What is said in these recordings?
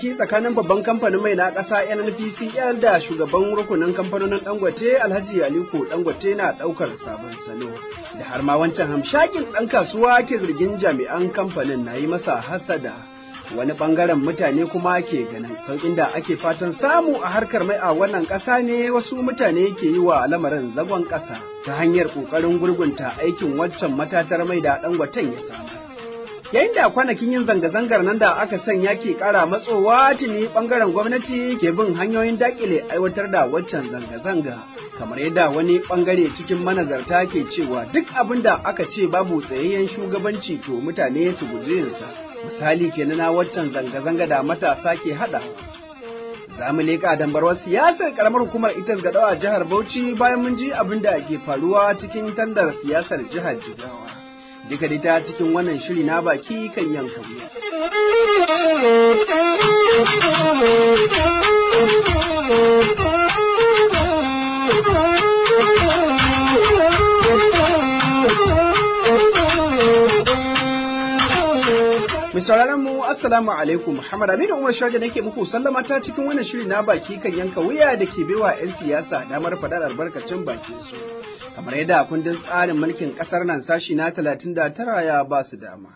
baki tsakanin babban kamfanin mai na ƙasa NNPCL da shugaban rukunin kamfanonin Dangote Alhaji Aliko Dangote na ɗaukar sabon salo. Da har ma wancan hamshakin ɗan kasuwa ke zargin jami'an kamfanin na yi masa hasada. Wani ɓangaren mutane kuma ke ganin sauƙin da ake fatan samu a harkar mai a wannan ƙasa ne wasu mutane ke yi wa lamarin zagon ƙasa ta hanyar ƙoƙarin gurgunta aikin waccan matatar mai da Dangoten ya samar. Yayin da kwanakin yin zanga-zangar nan da aka sanya ke ƙara matsowa tuni bangaren gwamnati ke bin hanyoyin dakile aiwatar da waccan zanga-zanga. Kamar yadda wani bangare cikin manazarta ke cewa duk abin da aka ce babu tsayayyen shugabanci to mutane su guji yinsa. Misali kenan na waccan zanga-zanga da matasa ke haɗa. za mu leƙa dambarwar siyasar karamar hukumar itas gadawa jihar bauchi bayan mun ji abin da ke faruwa cikin tandar siyasar jihar jigawa duka ta cikin wannan shiri na baki kan yankan sauraron mu Assalamu alaikum Muhammad Aminu Umar Shaja nake muku sallama ta cikin wannan shiri na baki kan yanka wuya da ke baiwa 'yan siyasa damar faɗar albarkacin bakin su. kamar yadda kundin tsarin mulkin kasar nan sashi na 39 ya ba su dama.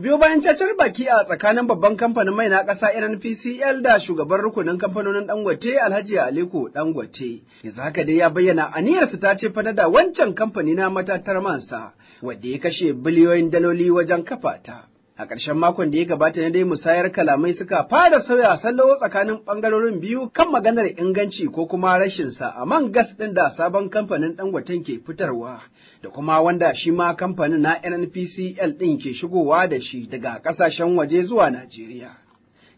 Biyo bayan cacar baki a tsakanin babban kamfanin mai na ƙasa PCL da shugaban rukunin kamfanonin Dangote Alhaji Aliko Dangote. Yanzu haka dai ya bayyana aniyarsa ta ce fada da wancan kamfani na matatar mansa, wadda ya kashe biliyoyin daloli wajen kafa ta. A ƙarshen makon da ya gabata ne dai musayar kalamai suka fara sauya sallo tsakanin ɓangarorin biyu kan maganar inganci ko kuma rashin sa a man gas ɗin da sabon kamfanin Dangoten ke fitarwa da kuma wanda shi ma kamfanin na NNPCL ɗin ke shigowa da shi daga ƙasashen waje zuwa Najeriya.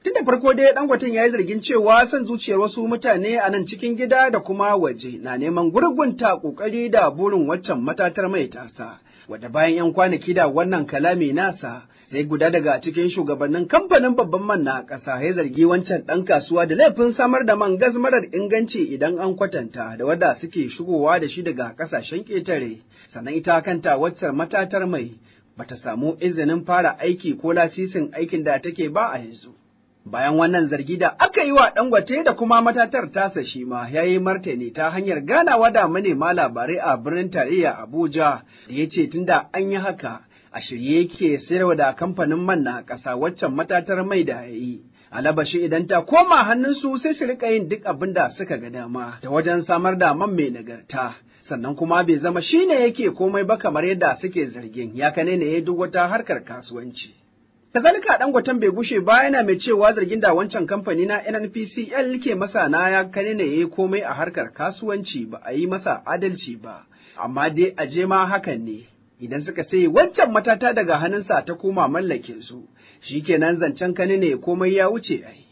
Tun da farko dai Dangoten ya yi zargin cewa son zuciyar wasu mutane a nan cikin gida da kuma waje na neman gurgunta ƙoƙari da burin waccan matatar mai tasa. Wadda bayan 'yan kwanaki da wannan kalami nasa sai guda daga cikin shugabannin kamfanin babban man na ƙasa ya zargi wancan ɗan kasuwa da laifin samar da man gas marar inganci idan an kwatanta da wadda suke shigowa da shi daga ƙasashen ƙetare sannan ita kanta waccar matatar mai bata samu izinin fara aiki ko lasisin aikin da take ba a yanzu. Bayan wannan zargi da aka yi wa Dangwate da kuma matatar tasa shi ma ya yi martani ta hanyar ganawa da manema labarai a birnin tarayya Abuja da ya ce tunda an yi haka a shirye yake sayarwa da kamfanin man na ƙasa waccan matatar mai da ya yi. alabashi idan ta koma hannunsu sai su rika yin duk abin da suka ga dama da wajen samar da man mai nagarta sannan kuma bai zama shine yake komai ba kamar yadda suke zargin ya kane ne duk wata harkar kasuwanci kazalika dangoton bai gushe ba yana mai cewa zargin da wancan kamfani na nnpcl ke masa na ya kane ne komai a harkar kasuwanci ba a yi masa adalci ba amma dai je ma hakan ne idan suka sai waccan matata daga hannunsa ta koma mallakin su, shi kenan zancen kani ne komai ya wuce ai.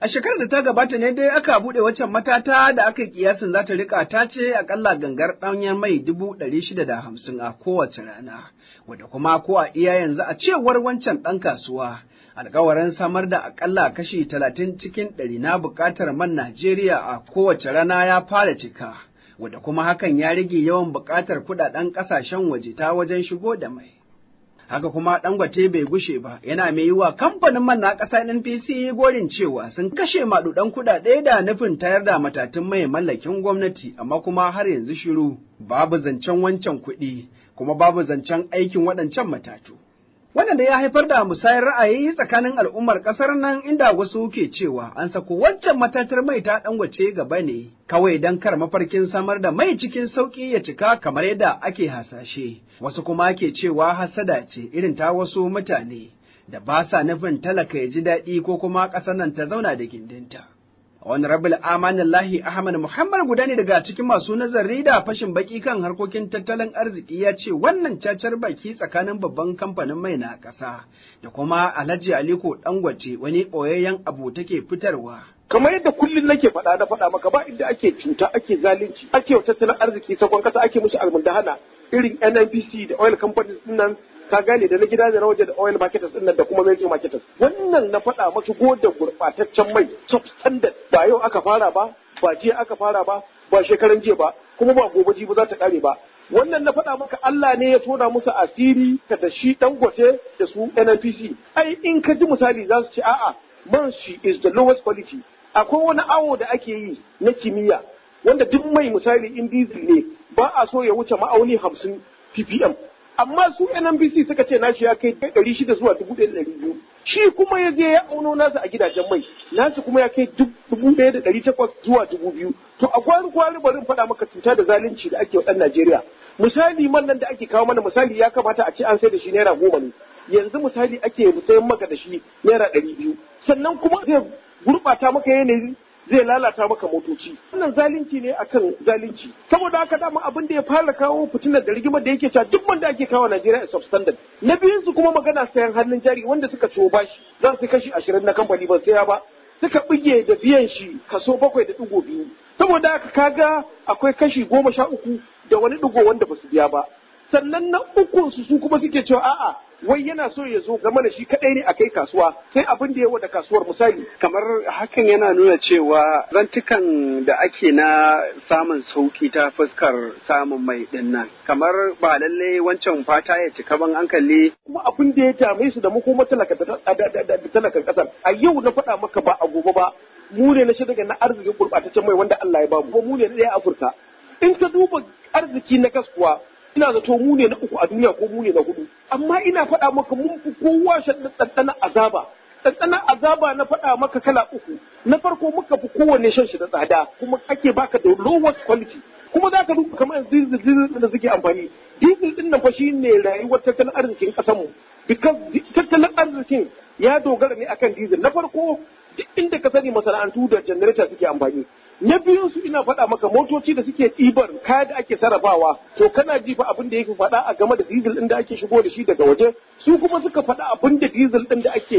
A shekarar da ta gabata ne dai aka buɗe waccan matata da aka kiyasin za ta rika ta ce akalla gangar ɗanyen mai dubu ɗari shida da hamsin a kowace rana, wadda kuma ko a iya yanzu a cewar wancan ɗan kasuwa. Alkawarin samar da akalla kashi talatin cikin ɗari na buƙatar man Najeriya a kowace rana ya fara cika. wadda kuma hakan ya rage yawan buƙatar kuɗaɗen ƙasashen waje ta wajen shigo da mai. Haka kuma ɗan Dangote bai gushe ba, yana mai yi wa kamfanin man na ƙasa NPC gorin cewa sun kashe maɗuɗan kuɗaɗe da nufin tayar da matatun mai mallakin gwamnati, amma kuma har yanzu shiru, babu zancen wancan kuɗi, kuma babu zancen aikin waɗancan matatu. Wannan da ya haifar da musayar ra'ayi tsakanin al'ummar ƙasar nan inda wasu ke cewa an sako waccan matatar mai ta ɗanwace gaba ne, kawai don kar mafarkin samar da mai cikin sauki ya cika kamar yadda ake hasashe. Wasu kuma ke cewa hasada ce irin ta wasu mutane da ba sa nufin talaka ya ji daɗi ko kuma ƙasar nan ta zauna da gindinta. wani amanin lahi Ahmad Muhammad guda ne daga cikin masu nazari da fashin baki kan harkokin tattalin arziki ya ce wannan cacar baki tsakanin babban kamfanin mai na ƙasa da kuma Alhaji Aliko Dangwace wani ɓoyayyen abu take fitarwa. kamar yadda kullum nake faɗa na faɗa maka ba inda ake cuta ake zalunci ake wa tattalin arziki sakon kasa ake mushi almundahana irin NNPC da oil companies nan ka gane da na gida da na waje da oil marketers din da kuma major marketers wannan na faɗa masu goda gurɓataccen mai top standard ba yau aka fara ba ba jiya aka fara ba ba shekaran jiya ba kuma ba gobe jibi za ta kare ba wannan na faɗa maka Allah ne ya tona musu asiri ka da shi dangote da su NNPC ai in ka ji misali za su ce a'a man shi is the lowest quality akwai wani awo da ake yi na kimiyya wanda duk mai misali in diesel ne ba a so ya wuce ma'auni hamsin ppm amma su NNPC suka ce nashi ya kai ɗari shida zuwa dubu ɗaya da ɗari biyu shi kuma ya je ya auno nasu a gidajen mai nasu kuma ya kai dubu ɗaya da ɗari takwas zuwa dubu biyu to a gwari gwari barin faɗa maka cuta da zalunci da ake wa ɗan Najeriya misali man nan da ake kawo mana misali ya kamata a ce an sai da shi naira goma ne yanzu misali ake sayan maka da shi naira ɗari biyu sannan kuma zai gurɓata maka yanayi zai lalata maka motoci wannan zalunci ne akan zalunci saboda haka dama abin da ya fara kawo fitinar da rigimar da yake cewa duk wanda ake kawo Najeriya is substandard na biyun su kuma magana sayan hannun jari wanda suka ciwo bashi za su kashi ashirin na kamfani ban saya ba suka bige da biyan shi kaso bakwai da digo biyu saboda haka kaga akwai kashi goma sha uku da wani digo wanda ba su biya ba sannan na ukun su kuma suke cewa a'a wai yana so ya zo game da shi kadai ne a kai kasuwa sai abin da ya da kasuwar misali kamar hakan yana nuna cewa rantukan da ake na samun sauki ta fuskar samun mai din nan kamar ba lalle wancan fata ya cika ban an kalli kuma abin da ya dame su da mu kuma kasar a yau na faɗa maka ba a gobe ba mu ne na shirya na arzikin gurɓataccen mai wanda Allah ya ba mu mu ne na ɗaya Afirka in ka duba arziki na kaskuwa ina zato mu ne na uku a duniya ko mu ne na hudu amma ina faɗa maka mun fi kowa da azaba ɗanɗanan azaba na faɗa maka kala uku na farko muka fi kowanne shan shi da tsada kuma ake baka da lowest quality kuma za ka duba kamar diesel diesel da suke amfani diesel din na fa shi ne rayuwar tattalin arzikin ƙasar mu because tattalin arzikin ya dogara ne akan diesel na farko duk inda ka sani masana'antu da janareta suke amfani na biyun su ina fada maka motoci da suke ɗibar kaya da ake sarrafawa to kana jifa abin da yake faɗa a game da diesel ɗin da ake shigo da shi daga waje su kuma suka faɗa abin da diesel ɗin da ake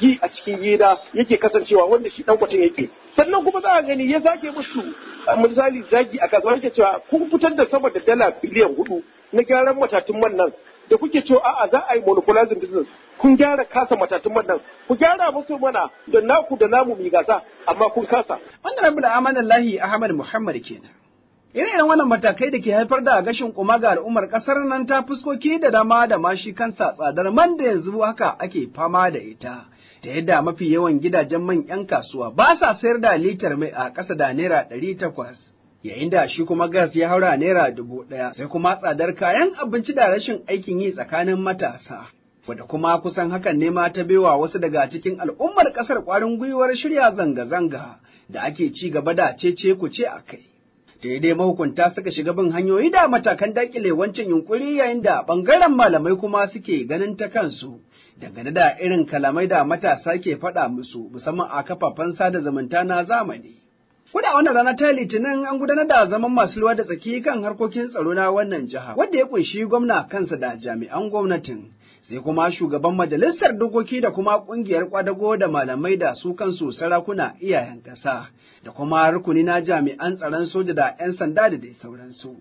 yi a cikin gida yake kasancewa wanda shi ɗan kwatin yake sannan kuma za a gani ya sake musu misali zagi a kasuwa yake cewa kun fitar da sama da dala biliyan hudu na gyaran matatun man nan da kuke cewa a'a za a yi monopolizing business kun gyara kasa matatun wannan ku gyara musu mana da naku da namu mai gasa amma kun kasa. Wanda rabu da amanallahi Ahmad Muhammad kenan. Ire-iren wannan matakai da ke haifar da gashin kuma ga al'ummar kasar nan ta fuskoki da dama da ma shi kansa tsadar man da yanzu haka ake fama da ita. Ta yadda mafi yawan gidajen man 'yan kasuwa ba sa sayar da litar mai a ƙasa da naira ɗari takwas. yayin da shi kuma gas ya haura naira dubu ɗaya sai kuma tsadar kayan abinci da rashin aikin yi tsakanin matasa. Wadda kuma kusan hakan ne ma ta baiwa wasu daga cikin al'ummar ƙasar ƙwarin gwiwar shirya zanga-zanga da ake ci gaba da cece ku ce a kai. Daidai mahukunta suka shiga bin hanyoyi da matakan dakile wancan yunkuri yayin da ɓangaren malamai kuma suke ganin ta kansu. Dangane da irin kalamai da matasa ke faɗa musu musamman a kafafen sada zumunta na zamani. Kuda wannan rana ta Litinin an gudanar da zaman masu ruwa da tsaki kan harkokin tsaro na wannan jiha, wadda ya kunshi gwamna kansa da jami'an gwamnatin. Sai kuma shugaban majalisar dokoki da kuma kungiyar kwadago da malamai da su kansu sarakuna iyayen ƙasa, da kuma rukuni na jami'an tsaron soja da 'yan sanda da dai sauransu.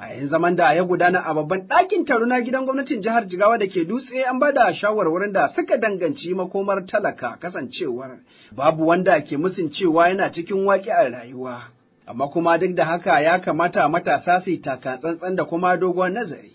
A yin zaman da ya gudana a babban ɗakin taro na gidan gwamnatin jihar Jigawa da ke dutse an bada shawarwarin da suka danganci makomar talaka kasancewar babu wanda ke musun cewa yana cikin waƙi a rayuwa. Amma kuma duk da haka ya kamata matasa su yi taka da kuma dogon nazari.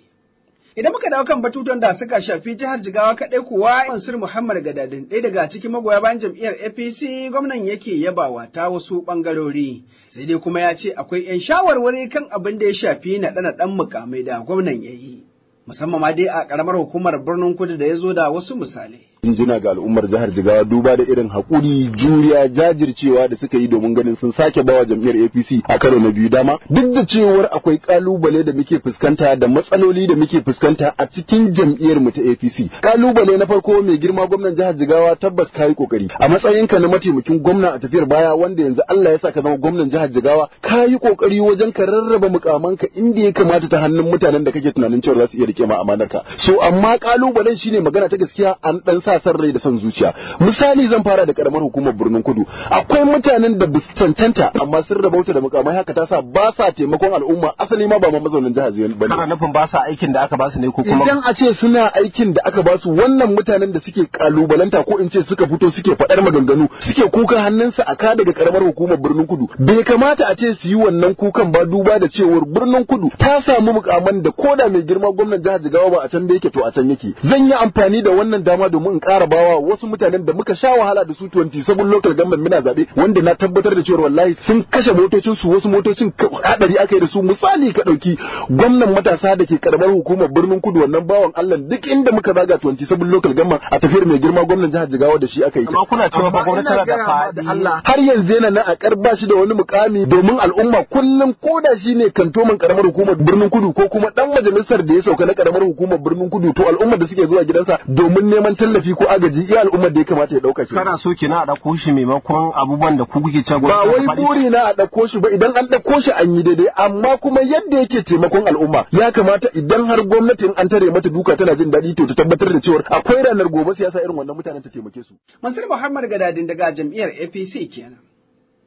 Idan muka dawo kan batutuwan da suka shafi jihar Jigawa kaɗai kuwa Mansur Muhammad Gadadin ɗaya daga cikin magoya bayan jam'iyyar APC gwamnan yake yabawa ta wasu ɓangarori. Sai dai kuma ya ce akwai 'yan shawarwari kan abin da ya shafi naɗe-naɗen mukamai da gwamnan ya yi. Musamman ma dai a ƙaramar hukumar birnin kudu da ya zo da wasu misalai. jinjina ga al'ummar jihar Jigawa duba da irin hakuri juriya jajircewa da suka yi domin ganin sun sake bawa jam'iyyar APC a karo na biyu dama duk da cewar akwai kalubale da muke fuskanta da matsaloli da muke fuskanta a cikin jam'iyyar mu ta APC kalubale na farko mai girma gwamnan jihar Jigawa tabbas ka yi kokari a matsayinka na mataimakin gwamna a tafiyar baya wanda yanzu Allah ya sa ka zama gwamnan jihar Jigawa ka yi kokari wajen ka rarraba mukamanka inda ya kamata ta hannun mutanen da kake tunanin cewa za su iya rike ma amanarka so amma kalubalen shine magana ta gaskiya an dan sa sa san rai da san zuciya misali zan fara da karamar hukumar birnin kudu akwai mutanen da bisu cancanta amma sun rabauta da mukamai haka ta sa ba sa taimakon al'umma asali ma ba ma mazaunin jihar Ziyar bane kana nufin ba sa aikin da aka ba su ne ko kuma idan a ce suna aikin da aka ba su wannan mutanen da suke kalubalanta ko in ce suka fito suke fadar maganganu suke kuka hannunsa a ka daga karamar hukumar birnin kudu bai kamata a ce su yi wannan kukan ba duba da cewar birnin kudu ta samu mukaman da koda mai girma gwamnan jihar Jigawa ba a can da yake to a can yake zan yi amfani da wannan dama domin in ƙara bawa wasu mutanen da muka sha wahala da su sabon local government muna zabe wanda na tabbatar da cewa wallahi sun kashe motocin su wasu motocin hadari aka yi da su misali ka ɗauki gwamnan matasa da ke karamar hukumar birnin kudu wannan bawan Allah duk inda muka zaga sabon local government a tafiyar mai girma gwamnan jihar Jigawa da shi aka yi. Amma kuna cewa ba gwamnati da fadi. Har yanzu yana nan a karba shi da wani mukami domin al'umma kullum koda shi ne kantoman karamar hukumar birnin kudu ko kuma dan majalisar da ya sauka na karamar hukumar birnin kudu to al'umma da suke zuwa gidansa domin neman tallafi ko agaji iya al'ummar da ya kamata ya dauka ke. kana so kina a dauko shi maimakon abubuwan da ku kuke cewa ba wai buri na a dauko shi ba idan an dauko shi an yi daidai amma kuma yadda yake taimakon al'umma ya kamata idan har gwamnati an tare mata duka tana jin daɗi to ta tabbatar da cewa akwai ranar gobe siyasa irin wannan mutanen ta taimake su Masir Muhammad Gadadin daga jam'iyyar APC kenan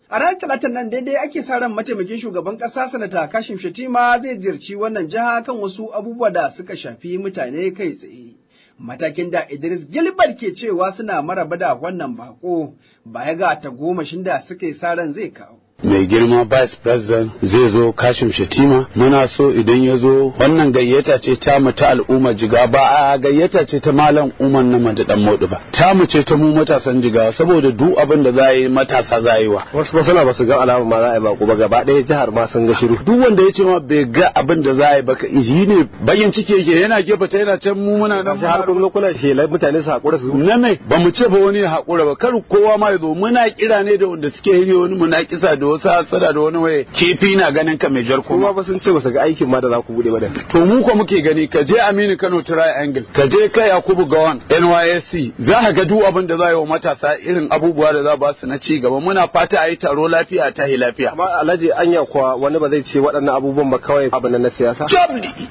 A ranar Talatin nan daidai ake sa ran mataimakin shugaban kasa sanata Kashim Shatima zai ziyarci wannan jiha kan wasu abubuwa da suka shafi mutane kai tsaye. matakin da Idris Gilbert ke cewa suna maraba da wannan bako ya ga ta goma da suke sa ran zai kawo. mai girma vice president zai zo kashim shatima muna so idan ya zo wannan gayyata ce ta mu ta al'umma jiga ba a gayyata ce ta malam umar na dan modu ba ta mu ce ta mu matasan jiga saboda duk abin da za yi matasa za yi wa wasu masana ba su ga alama ma za a yi ba gaba ɗaya jihar ma sun ga shiru duk wanda ya ce ma bai ga abin da za a yi ba ka yi ne bayan ciki yake yana gefe ta yana can mu muna nan har kun ga kula shela mutane su hakura su na me ba mu ce ba wani ya hakura ba kar kowa ma ya zo muna kira ne da wanda suke hiri wani muna kisa da da wasu hatsada da wani waye kifi na ganin ka mai jar kuma ba sun ce ba ga aikin ma da za ku bude ba da to mu ko muke gani ka je Aminu Kano triangle ka je kai Yakubu Gawan NYSC za ka ga duk abin da za yi wa matasa irin abubuwa da za ba su na ci gaba muna fata a yi taro lafiya ta yi lafiya amma Alhaji anya kuwa wani ba zai ce waɗannan abubuwan ba kawai abin na siyasa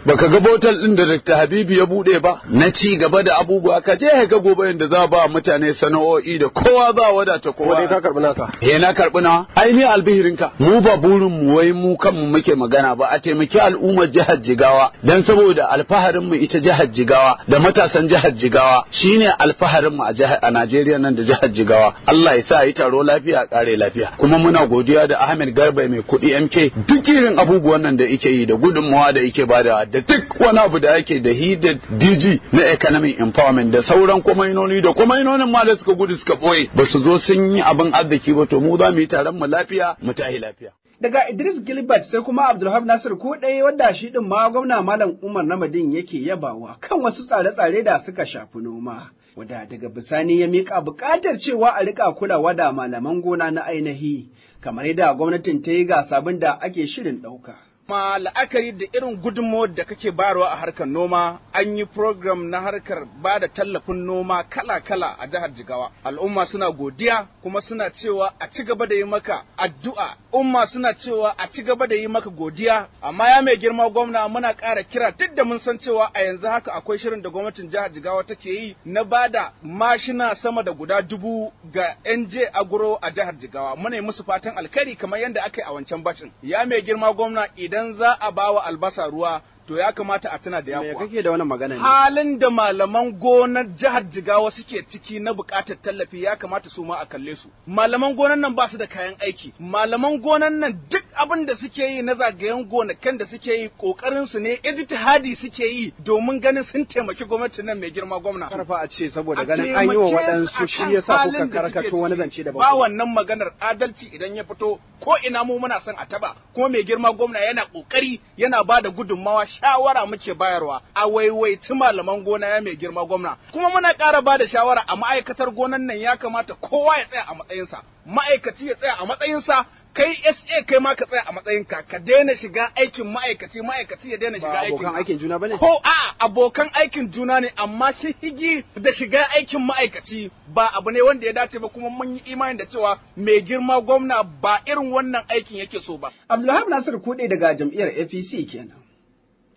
baka ga botal din da Dr. Habibu ya bude ba na ci gaba da abubuwa ka je ka ga gobe inda za ba mutane sana'o'i da kowa za wadata kowa. dai ka karɓi naka? Eh na karbi na. Ai ni albihirinka mu ba burin mu wai mu kanmu muke magana ba a taimaki al'ummar jihar Jigawa dan saboda alfaharin mu ita jihar Jigawa da matasan jihar Jigawa shine alfaharin mu a jihar a Najeriya nan da jihar Jigawa Allah ya sa yi taro lafiya kare lafiya kuma muna godiya da Ahmed Garba mai kuɗi MK duk irin abubuwan nan da yake yi da gudunmawa da yake bada da duk wani abu da yake da hidden DG na economic empowerment da sauran kwamainoni da kwamainonin ma da suka gudu suka boye ba su zo sun yi abin arziki ba to mu za mu yi taron mu lafiya mu tahi lafiya. Daga Idris Gilbert sai kuma Abdulhab Nasir ko ɗaya wanda shi ɗin ma gwamna Malam Umar Namadin yake yabawa kan wasu tsare-tsare da suka shafi noma. Wada daga bisani ya miƙa buƙatar cewa a riƙa kulawa da malaman gona na ainihi, kamar yadda gwamnatin ta yi ga sabon da ake shirin ɗauka. ma la'akari da irin gudunmawar da kake barwa a harkar noma an yi program na harkar ba da tallafin noma kala-kala a jihar jigawa al'umma suna godiya kuma suna cewa a ci gaba da yi maka addu'a umma suna cewa a ci gaba da yi maka godiya amma ya mai girma gwamna muna kara kira duk da mun san cewa a yanzu haka akwai shirin da gwamnatin jihar jigawa take yi na ba da mashina sama da guda dubu ga nj agro a jihar jigawa muna yi musu fatan alkhairi kamar yadda aka yi a wancan bashin ya mai girma gwamna idan idan za a bawa albasa ruwa to ya kamata a tuna da yakuwa. Me kake da wannan magana ne? Halin da malaman gonar jihar Jigawa suke ciki na buƙatar tallafi ya kamata su ma a kalle su. Malaman gonar nan ba su da kayan aiki. Malaman gonar nan duk abin da suke yi na zagayen gonakan da suke yi kokarin su ne ijtihadi suke yi domin ganin sun taimaki gwamnati nan mai girma gwamna. Karfa a ce saboda ganin an yi wa waɗansu shi yasa kuka karkato wani zance da ba wannan maganar adalci idan ya fito ko ina mu muna son a taba kuma mai girma gwamna yana kokari yana ba da gudunmawa shawara muke bayarwa a waiwaiti malaman gona ya mai girma gwamna kuma muna ƙara ba da shawara a ma'aikatar gonan nan ya kamata kowa ya tsaya a matsayinsa ma'aikaci ya tsaya a matsayinsa kai SA kai ma ka tsaya a matsayinka ka daina shiga aikin ma'aikaci ma'aikaci ya daina shiga aikin abokan aikin juna bane ko a abokan aikin juna ne amma shi higi da shiga aikin ma'aikaci ba abu ne wanda ya dace ba kuma mun yi imani da cewa mai girma gwamna ba irin wannan aikin yake so ba Abdullahi Nasir kuɗe daga jam'iyyar APC kenan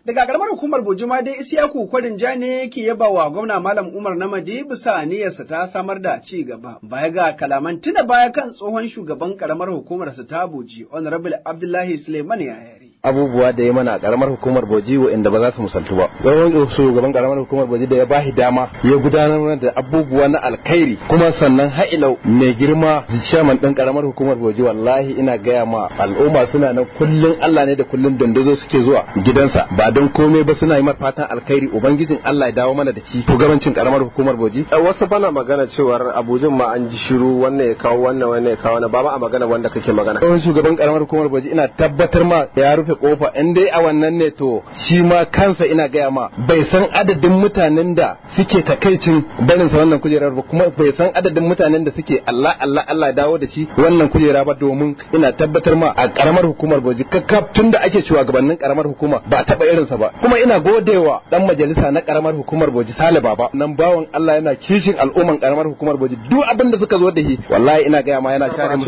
Daga karamar hukumar Bojima dai Isiyaku kwarin ja ne yake yaba wa gwamna Malam Umar Namadi bisa niyyarsa ta samar da ci gaba. Baya ga kalaman tuna baya kan tsohon shugaban karamar hukumar su ta Boji Honorable Abdullahi Suleiman Yaya. abubuwa da ya mana a karamar hukumar Boji inda ba za su musaltu ba. su gaban karamar hukumar Boji da ya bashi dama ya gudanar da abubuwa na alkhairi kuma sannan ha'ilau mai girma shaman ɗin karamar hukumar Boji wallahi ina gaya ma al'umma suna na kullun Allah ne da kullun dandazo suke zuwa gidansa ba don komai ba suna yi mar fatan alkhairi ubangijin Allah ya dawo mana da ci shugabancin karamar hukumar Boji. Eh, wasu bana magana cewar Abuja ma an ji shiru wannan ya kawo wannan wannan ya kawo na ba ma a magana wanda kake magana. wani shugaban karamar hukumar Boji ina tabbatar ma ya rufe kofa in dai a wannan ne to shi ma kansa ina gaya ma bai san adadin mutanen da suke takaicin sa wannan kujerar ba kuma bai san adadin mutanen da suke Allah Allah Allah dawo da shi wannan kujera ba domin ina tabbatar ma a karamar hukumar Bauchi kakkaf tun da ake gabanin karamar hukuma ba a taba sa ba kuma ina godewa dan majalisa na karamar hukumar Bauchi Sale Baba nan bawon Allah yana kishin al'umman karamar hukumar Bauchi duk abin da suka zo da shi wallahi ina gaya ma yana share mu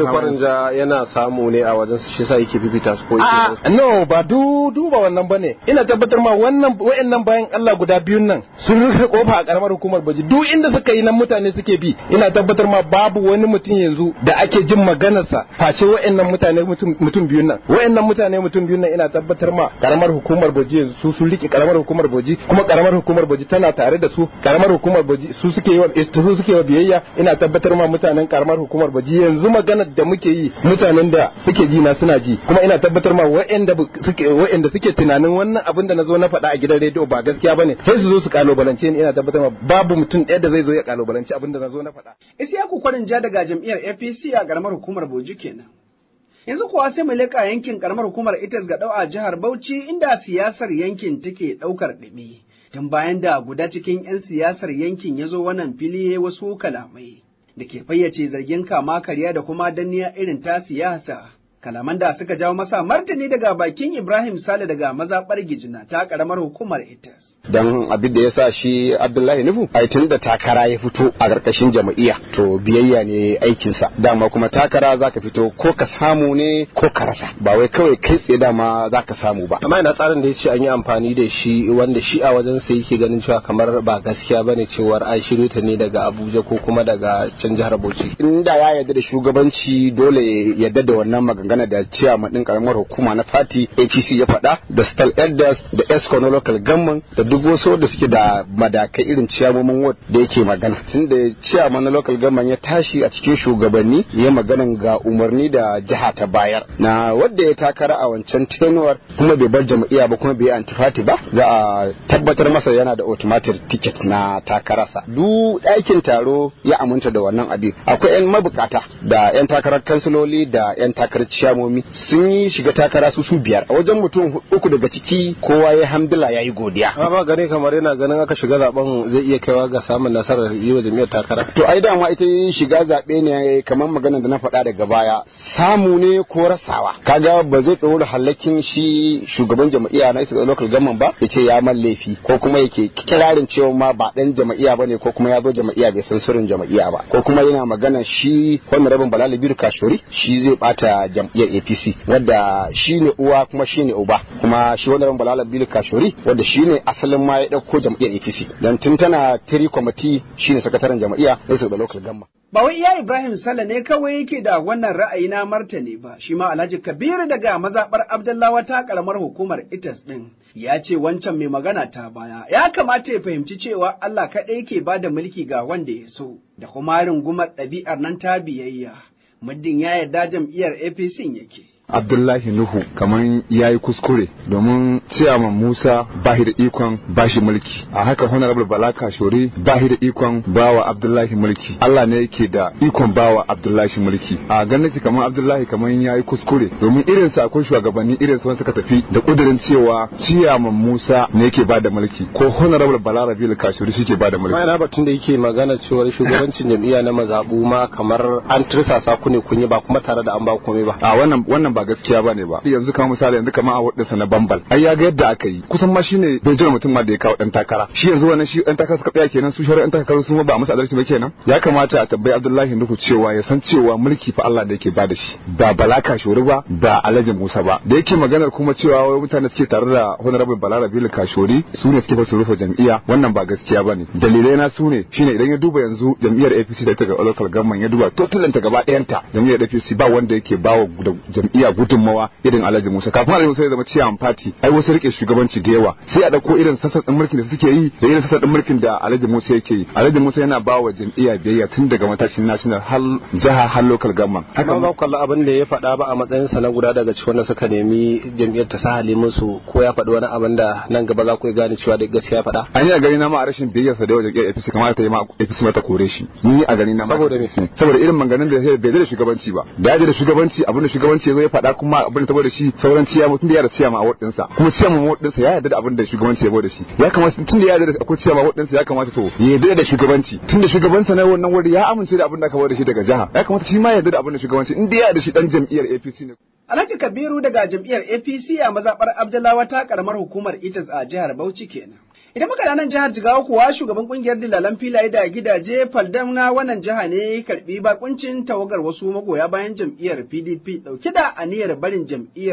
yana samu ne a wajen shi sa yake fifita su ko yake ah, no ba du duba wannan bane ina tabbatar ma wannan wayannan bayan Allah guda biyun nan sun rufe kofa a karamar hukumar baji duk inda suka yi nan mutane suke bi ina tabbatar ma babu wani mutum yanzu da ake jin sa face wayannan mutane mutum biyun nan wayannan mutane mutum biyun nan ina tabbatar ma karamar hukumar baji yanzu su sun rike karamar hukumar baji kuma karamar hukumar baji tana tare da su karamar hukumar baji su suke yi wa eh, su suke wa biyayya ina tabbatar ma mutanen karamar hukumar baji yanzu maganar da muke yi mutanen da suke ji na suna ji kuma ina tabbatar ma wa'anda waɗanda wa'anda suke tunanin wannan abin da na zo na faɗa a gidan rediyo ba gaskiya bane sai su zo su kalubalance ni ina tabbatar babu mutum ɗaya da zai zo ya kalubalance abin da na zo na faɗa isiyaku kwarin ja daga jam'iyyar APC a karamar hukumar Boji kenan yanzu kuwa sai mu leƙa yankin karamar hukumar Itas ga a jihar Bauchi inda siyasar yankin take ɗaukar ɗumi tun bayan da guda cikin 'yan siyasar yankin ya zo wannan fili ya wasu kalamai da ke fayyace zargin kama karya da kuma danniya irin ta siyasa kalaman da suka jawo masa martani daga bakin Ibrahim Sale daga mazaɓar Gijina ta karamar hukumar ITAS. Dan abin da ya sa shi Abdullahi Nufu ai tun da takara ya fito a ƙarƙashin jama'iyya to biyayya ne aikinsa dama kuma takara zaka fito ko ka samu ne ko ka rasa ba wai kawai kai tsaye dama zaka samu ba. Amma ina tsarin da ya ce an yi amfani da shi wanda shi a wajen sa yake ganin cewa kamar ba gaskiya bane cewar ai shirye ta ne daga Abuja ko kuma daga can jihar Bauchi. Inda ya yarda da shugabanci dole ya yarda da wannan maganganun. magana da chairman din karamar hukuma na Fati APC ya faɗa da Stal Elders da Escono local government da duk wasu da suke da madakai irin mun ward da yake magana tun da chairman na local government ya tashi a cikin shugabanni ya magana ga umarni da jiha ta bayar na wanda ya takara a wancan tenuwar kuma bai bar jam'iyya ba kuma bai antifati ba za a tabbatar masa yana da automatic ticket na takararsa duk ɗakin taro ya aminta da wannan abin akwai 'yan mabukata da 'yan takarar kansiloli da 'yan takarar shamomi sun yi shiga takara su su biyar a wajen mutum uku daga ciki kowa ya hamdila ya yi godiya ba gane kamar yana ganin aka shiga zaben zai iya kaiwa ga samun nasarar yi wa jami'ar takara to ai dama ita shiga zaɓe ne kamar magana da na faɗa daga baya samu ne ko rasawa kaga ba zai ɗora halakin shi shugaban jama'iya na isa local government ba ya ce ya man laifi ko kuma yake kirarin cewa ma ba ɗan jama'iya ba ne ko kuma ya zo jama'iya bai san sirrin jama'iya ba ko kuma yana magana shi wannan rabin balala biru kashori shi zai bata jam jam'iyyar APC wanda shine uwa kuma shine uba kuma shi ran Balala bil Kashori wanda shine asalin ma ya dauko jam'iyyar APC dan tun tana tiri committee shine sakataren jam'iyya sai da local gamma Ba wai iya Ibrahim sallah ne kawai yake da wannan ra'ayi na martani ba, shi ma Alhaji Kabiru daga mazaɓar Abdullawa ta karamar hukumar ITAS ɗin. Ya ce wancan mai magana ta baya, ya kamata ya fahimci cewa Allah kaɗai ke ba da mulki ga wanda ya so, da kuma rungumar ɗabi'ar nan ta biyayya. muddin ya yarda jam'iyyar APC yake. abdullahi nuhu kamar ya yi kuskure domin ciyaman musa bahir ikon bashi mulki a haka honorable bala kashori bahi ikon bawa abdullahi mulki allah ne yake da ikon bawa abdullahi mulki a ganin kamar abdullahi kamar ya yi kuskure domin irin sa akwai shugabanni irin sa suka tafi da kudirin cewa ciyaman musa ne yake bada mulki ko honorable bala rabiul kashori shi ke bada mulki ma'ana batun da yake magana cewa shugabancin jam'iyya na mazabu ma kamar an tursasa ku ne kun yi ba kuma tare da an ba komai ba a wannan wannan ba ba gaskiya ba ne ba yanzu kamar misali yanzu kamar a wadda na bambal ai ya ga yadda aka yi kusan ma shi ne. bai jira mutum ma da ya kawo dan takara shi yanzu wannan shi dan takara suka tsaya kenan su shari'an takara sun ba musu adalci ba kenan ya kamata a tabbai Abdullahi Nuhu cewa ya san cewa mulki fa Allah da yake ba da shi ba balaka shori ba ba Alhaji Musa ba da yake maganar kuma cewa wai mutane suke tare da Honorable Balarabil Kashori su ne suke fasu rufe jam'iyya wannan ba gaskiya bane dalilai na su ne shine idan ya duba yanzu jam'iyyar APC da ta ga local government ya duba totalin ta gaba ɗayanta jam'iyyar APC ba wanda yake bawa jam'iyyar iya gudunmawa irin Alhaji Musa kafin Alhaji Musa ya zama ciyan party ai wasu rike shugabanci da yawa sai a dauko irin sassan din mulkin da suke yi da irin sassan din mulkin da Alhaji Musa yake yi Alhaji Musa yana ba wa jam'iyya biyayya tun daga matashin national har jaha har local government haka ba kalla abin da ya faɗa ba a matsayin sa na guda daga cikin wanda suka nemi jam'iyyar ta sahali musu ko ya faɗi wani abin da nan gaba za ku gane cewa da gaskiya faɗa an yi a gani na ma a rashin biyayya sa da yawa jam'iyyar APC kamar ta yi ma APC mata kore shi ni a gani na ma saboda me saboda irin manganin da ya bai da shugabanci ba da ya da shugabanci abin da shugabanci ya zo ya faɗa kuma abin da ta da shi sauran ciya mutum da ya da ciyama a wadinsa kuma ciyama wadinsa ya yarda da abin da shugabanci ya bada shi ya kamata tun da ya yarda da akwai ciyama wadinsa ya kamata to ya yarda da shugabanci tun da shugabansa na wannan wuri ya amince da abin da aka bada shi daga jiha ya kamata shi ma ya yarda da abin da shugabanci in da ya da shi dan jam'iyyar APC ne Alhaji Kabiru daga jam'iyyar APC a mazaɓar Abdullawa ta ƙaramar hukumar Itas a jihar Bauchi kenan. Idan muka nan jihar Jigawa kuwa shugaban kungiyar dilalan filaye da gidaje faldam na wannan jiha ne karbi bakuncin tawagar wasu magoya bayan jam'iyyar PDP dauke da aniyar barin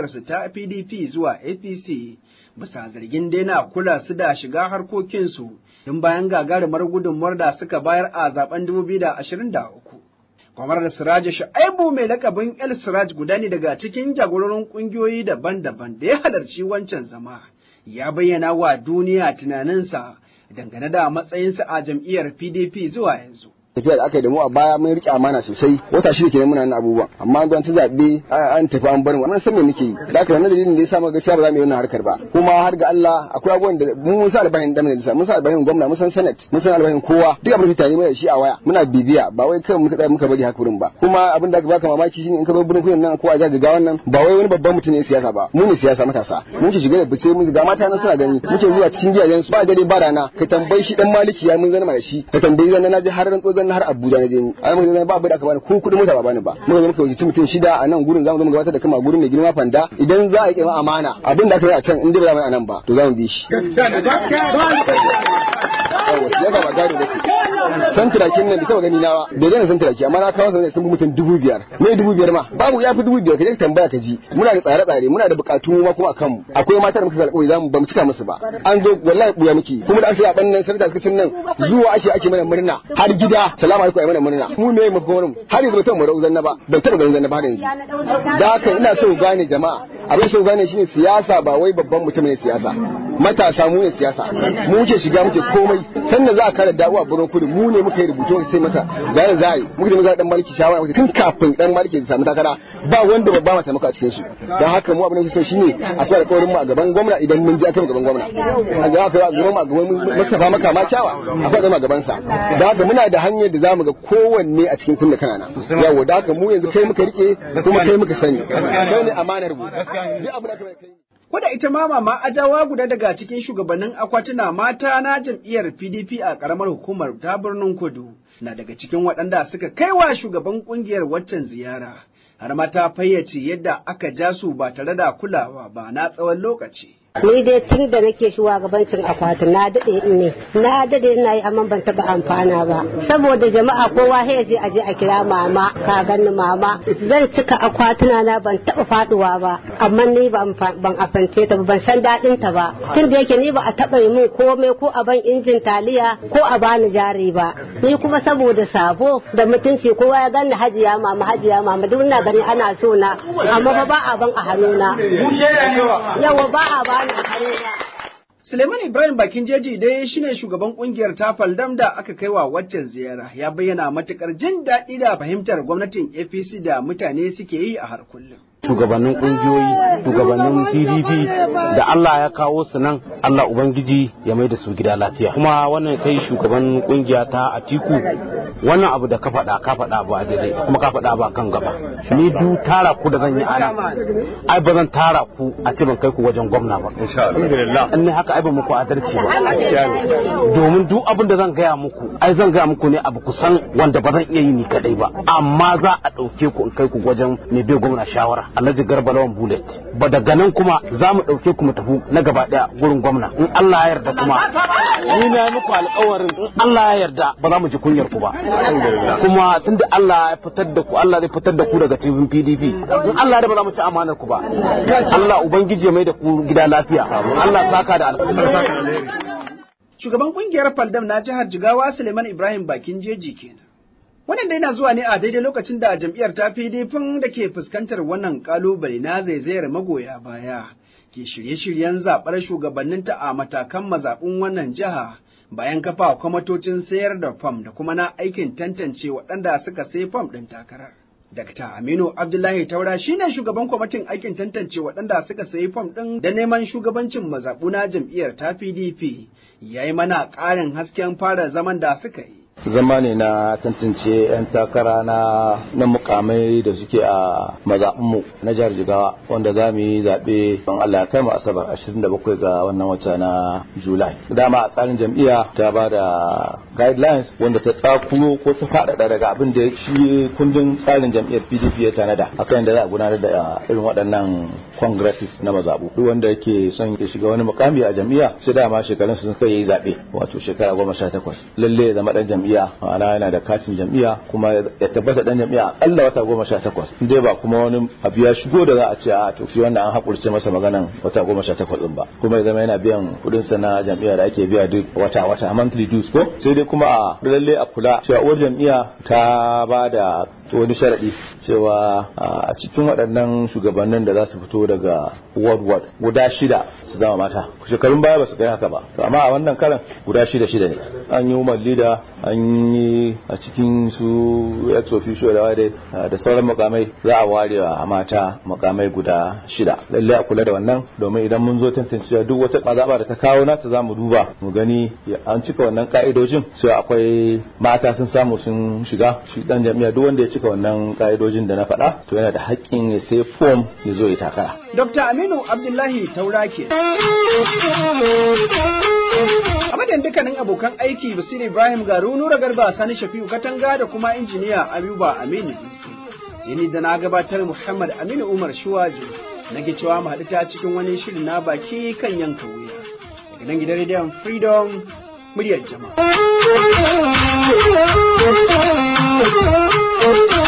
su ta PDP zuwa APC bisa zargin daina kula su da shiga harkokinsu tun bayan gagarumar gudunmuwar da suka bayar a zaben 2023. Kwamar da siraj Sha'aibu mai lakabin El Siraj guda ne daga cikin jagororin kungiyoyi daban-daban da ya halarci wancan zama. ya bayyana wa duniya tunaninsa dangane da matsayinsa a jam'iyyar PDP zuwa yanzu. tafiya da aka yi da mu a baya mun rike amana sosai wata shi ke muna nan abubuwa amma an ci zabe an tafi an bar mu an san me muke yi da haka wannan dalilin da ya yasa muka gaskiya ba za mu yi wannan harkar ba kuma har ga Allah akwai abubuwan da mu mun sa albahin da mun sa albahin gwamna mun san senate mun san albahin kowa duk abin da tayi mai shi a waya muna bibiya ba wai kai muka tsaya muka bari hakurin ba kuma abin da baka mamaki shine in ka bar burin kuyan nan ko a ga wannan ba wai wani babban mutum ne siyasa ba mu ne siyasa matasa mun ci shiga da bice mun ga mata nan suna gani muke zuwa cikin gidajen su ba gare ba rana ka tambayi shi dan maliki ya mun zana da shi ka tambayi zan na ji har ran na har Abuja na je a ai mun ba da aka bani ko kudin mota ba bani ba mun zama kawai wuce mutum shida a nan gurin zamu zama gabatar da kama gurin mai girma fanda idan za a yi amana abin da aka yi a can inda ba za mu a nan ba to za mu bi shi yawa su yaga ba gado ba su san turakin nan da taba gani na ba bai gane san turaki amma na kawo sa sun bi mutum dubu biyar mai dubu biyar ma babu ya fi dubu biyar kaje ka tambaya ka ji muna da tsare-tsare muna da bukatu mu ma kuma akan mu akwai matar muka zalƙo zamu ba mu cika musu ba an zo wallahi buya muke kuma da aka yi a bannan sarda suka cin nan zuwa ake ake mana murna har gida salamu alaikum ai mana murna mu me mu har yanzu mutum mu ra'uzan na ba ban taba ganin zanna ba yanzu da haka ina so gane jama'a abin shi gane shine siyasa ba wai babban mutum ne siyasa matasa mu ne siyasa mu muke shiga muke komai sannan za a kare dawo a birnin kudu mu ne muka yi rubutu muka ce masa ga yadda za a yi muka je dan maliki shawara muka tun kafin dan maliki ya samu takara ba wanda babba mata muka a cikin su dan haka mu abin da so shine akwai alƙawarin mu a gaban gwamna idan mun je akan gaban gwamna a ga aka a gaban mu a gaban Mustafa maka ma kyawa akwai gaban gaban sa da haka muna da hanyar da zamu ga kowanne a cikin kunna kanana yawa da haka mu yanzu kai muka rike kuma kai muka sani kai ne amanar mu da ita ma mama ajawa guda daga cikin shugabannin akwatuna mata na jam'iyyar PDP a ƙaramar hukumar ta birnin Kudu na daga cikin waɗanda suka kai wa shugaban ƙungiyar waccan ziyara. Har mata fayyace yadda aka ja su ba tare da kulawa ba na tsawon lokaci. ni dai tun da nake shugabancin akwati na dade ne na dade na yi amma ban taba amfana ba saboda jama'a kowa sai je aje a kira mama ka ganni mama zan cika akwatuna na ban taba faduwa ba amma ni ban afance ta ban san daɗin ta ba tun da yake ni ba a taba yi min komai ko a ban injin taliya ko a bani jari ba ni kuma saboda sabo da mutunci kowa ya ganni hajiya mama hajiya mama duk na gani ana so na amma ba a ban a hannuna yawa ba a ba Suleiman Ibrahim Bakin Jeji dai shine shugaban kungiyar Tafal Dam da aka kai wa waccan ziyara ya bayyana matukar jin daɗi da fahimtar gwamnatin APC da mutane suke yi a har kullum. shugabannin kungiyoyi shugabannin pdp da allah ya kawo su nan allah ubangiji ya mai da su gida lafiya kuma wannan kai shugaban kungiya ta atiku wannan abu da ka faɗa ka faɗa ba daidai kuma ka faɗa ba kan gaba ni du tara ku da zan yi ana ai ba zan tara ku a ce ban kai ku wajen gwamna ba alhamdulillah in ne haka ai ba muku adalci ba domin duk abin da zan gaya muku ai zan gaya muku ne abu kusan wanda ba zan iya yi ni kadai ba amma za a ɗauke ku in kai ku wajen mai bai gwamna shawara alhaji garba lawan bullet ba daga nan kuma za mu ɗauke ku mu tafi na gaba ɗaya gurin gwamna in allah ya yarda kuma ni na muku alƙawarin. in allah ya yarda ba za mu ji kunyar ku ba kuma tunda allah ya fitar da ku allah zai fitar da ku daga cikin pdp in allah ya ba za mu ci amanar ku ba allah ubangiji ya mai da ku gida lafiya allah saka da alƙawarin. shugaban kungiyar faldam na jihar jigawa suleiman ibrahim bakin jeji kenan Wannan dai na zuwa ne a daidai lokacin da jam'iyyar ta PDP da ke fuskantar wannan kalubale na zaizayar magoya baya ke shirye-shiryen zaɓar shugabanninta a matakan mazaɓin wannan jiha bayan kafa kwamatocin sayar da fam da kuma na aikin tantance waɗanda suka sai fam ɗin takarar. Dakta Aminu Abdullahi Taura shi ne shugaban kwamitin aikin tantance waɗanda suka sayi fam ɗin da neman shugabancin mazaɓu na jam'iyyar ta PDP ya yi mana ƙarin hasken fara zaman da suka yi. zama ne na tantance 'yan takara na na mukamai da suke a mazaɓinmu na jihar jigawa wanda za mu yi zaɓe don allah kai mu asabar 27 ga wannan wata na julai dama a tsarin jam'iyya ta ba da guidelines wanda ta tsakuro ko ta faɗaɗa daga abin da shi kundin tsarin jam'iyyar pdp ya tanada akan da za a gudanar da irin waɗannan congresses na mazaɓu duk wanda yake son ya shiga wani mukami a jam'iyya sai dama shekarun sun kai yi zaɓe wato shekara goma sha takwas lalle zama ɗan jam'iyya jam'iyya ma'ana yana da katin jam'iyya kuma ya tabbata dan jam'iyya akalla wata goma sha takwas in dai ba kuma wani abu ya shigo da za a ce a to shi wannan an hakurce masa maganan wata goma sha takwas din ba kuma ya zama yana biyan kuɗin sa na jam'iyya da ake biya duk wata wata monthly dues ko sai dai kuma a lalle a kula cewa uwar jam'iyya ta ba da to wani sharaɗi cewa a cikin waɗannan shugabannin da za su fito daga world war guda shida su zama mata shekarun baya ba su kai haka ba amma a wannan karan guda shida shida ne an yi umar lida an yi a cikin su ex official da wade da sauran makamai za a ware wa mata makamai guda shida lalle a kula da wannan domin idan mun zo tantancewa duk wata kazaba da ta kawo nata za mu duba mu gani an cika wannan ka'idojin sai akwai mata sun samu sun shiga shi dan jami'a duk wanda ya ci cika wannan ka'idojin da na faɗa to yana da haƙƙin ya sai form ya zo ya takara. Dr. Aminu Abdullahi Taurake. A madadin dukkanin abokan aiki Basiru Ibrahim Garu Nura Garba Sani Shafi'u Katanga da kuma injiniya abuba Aminu Musa. Zini da na gabatar Muhammad Aminu Umar Shuwaju na cewa mu haɗu ta cikin wani shirin na baki kan yanka wuya. Daga nan gidan Freedom muryar jama'a. Música hum.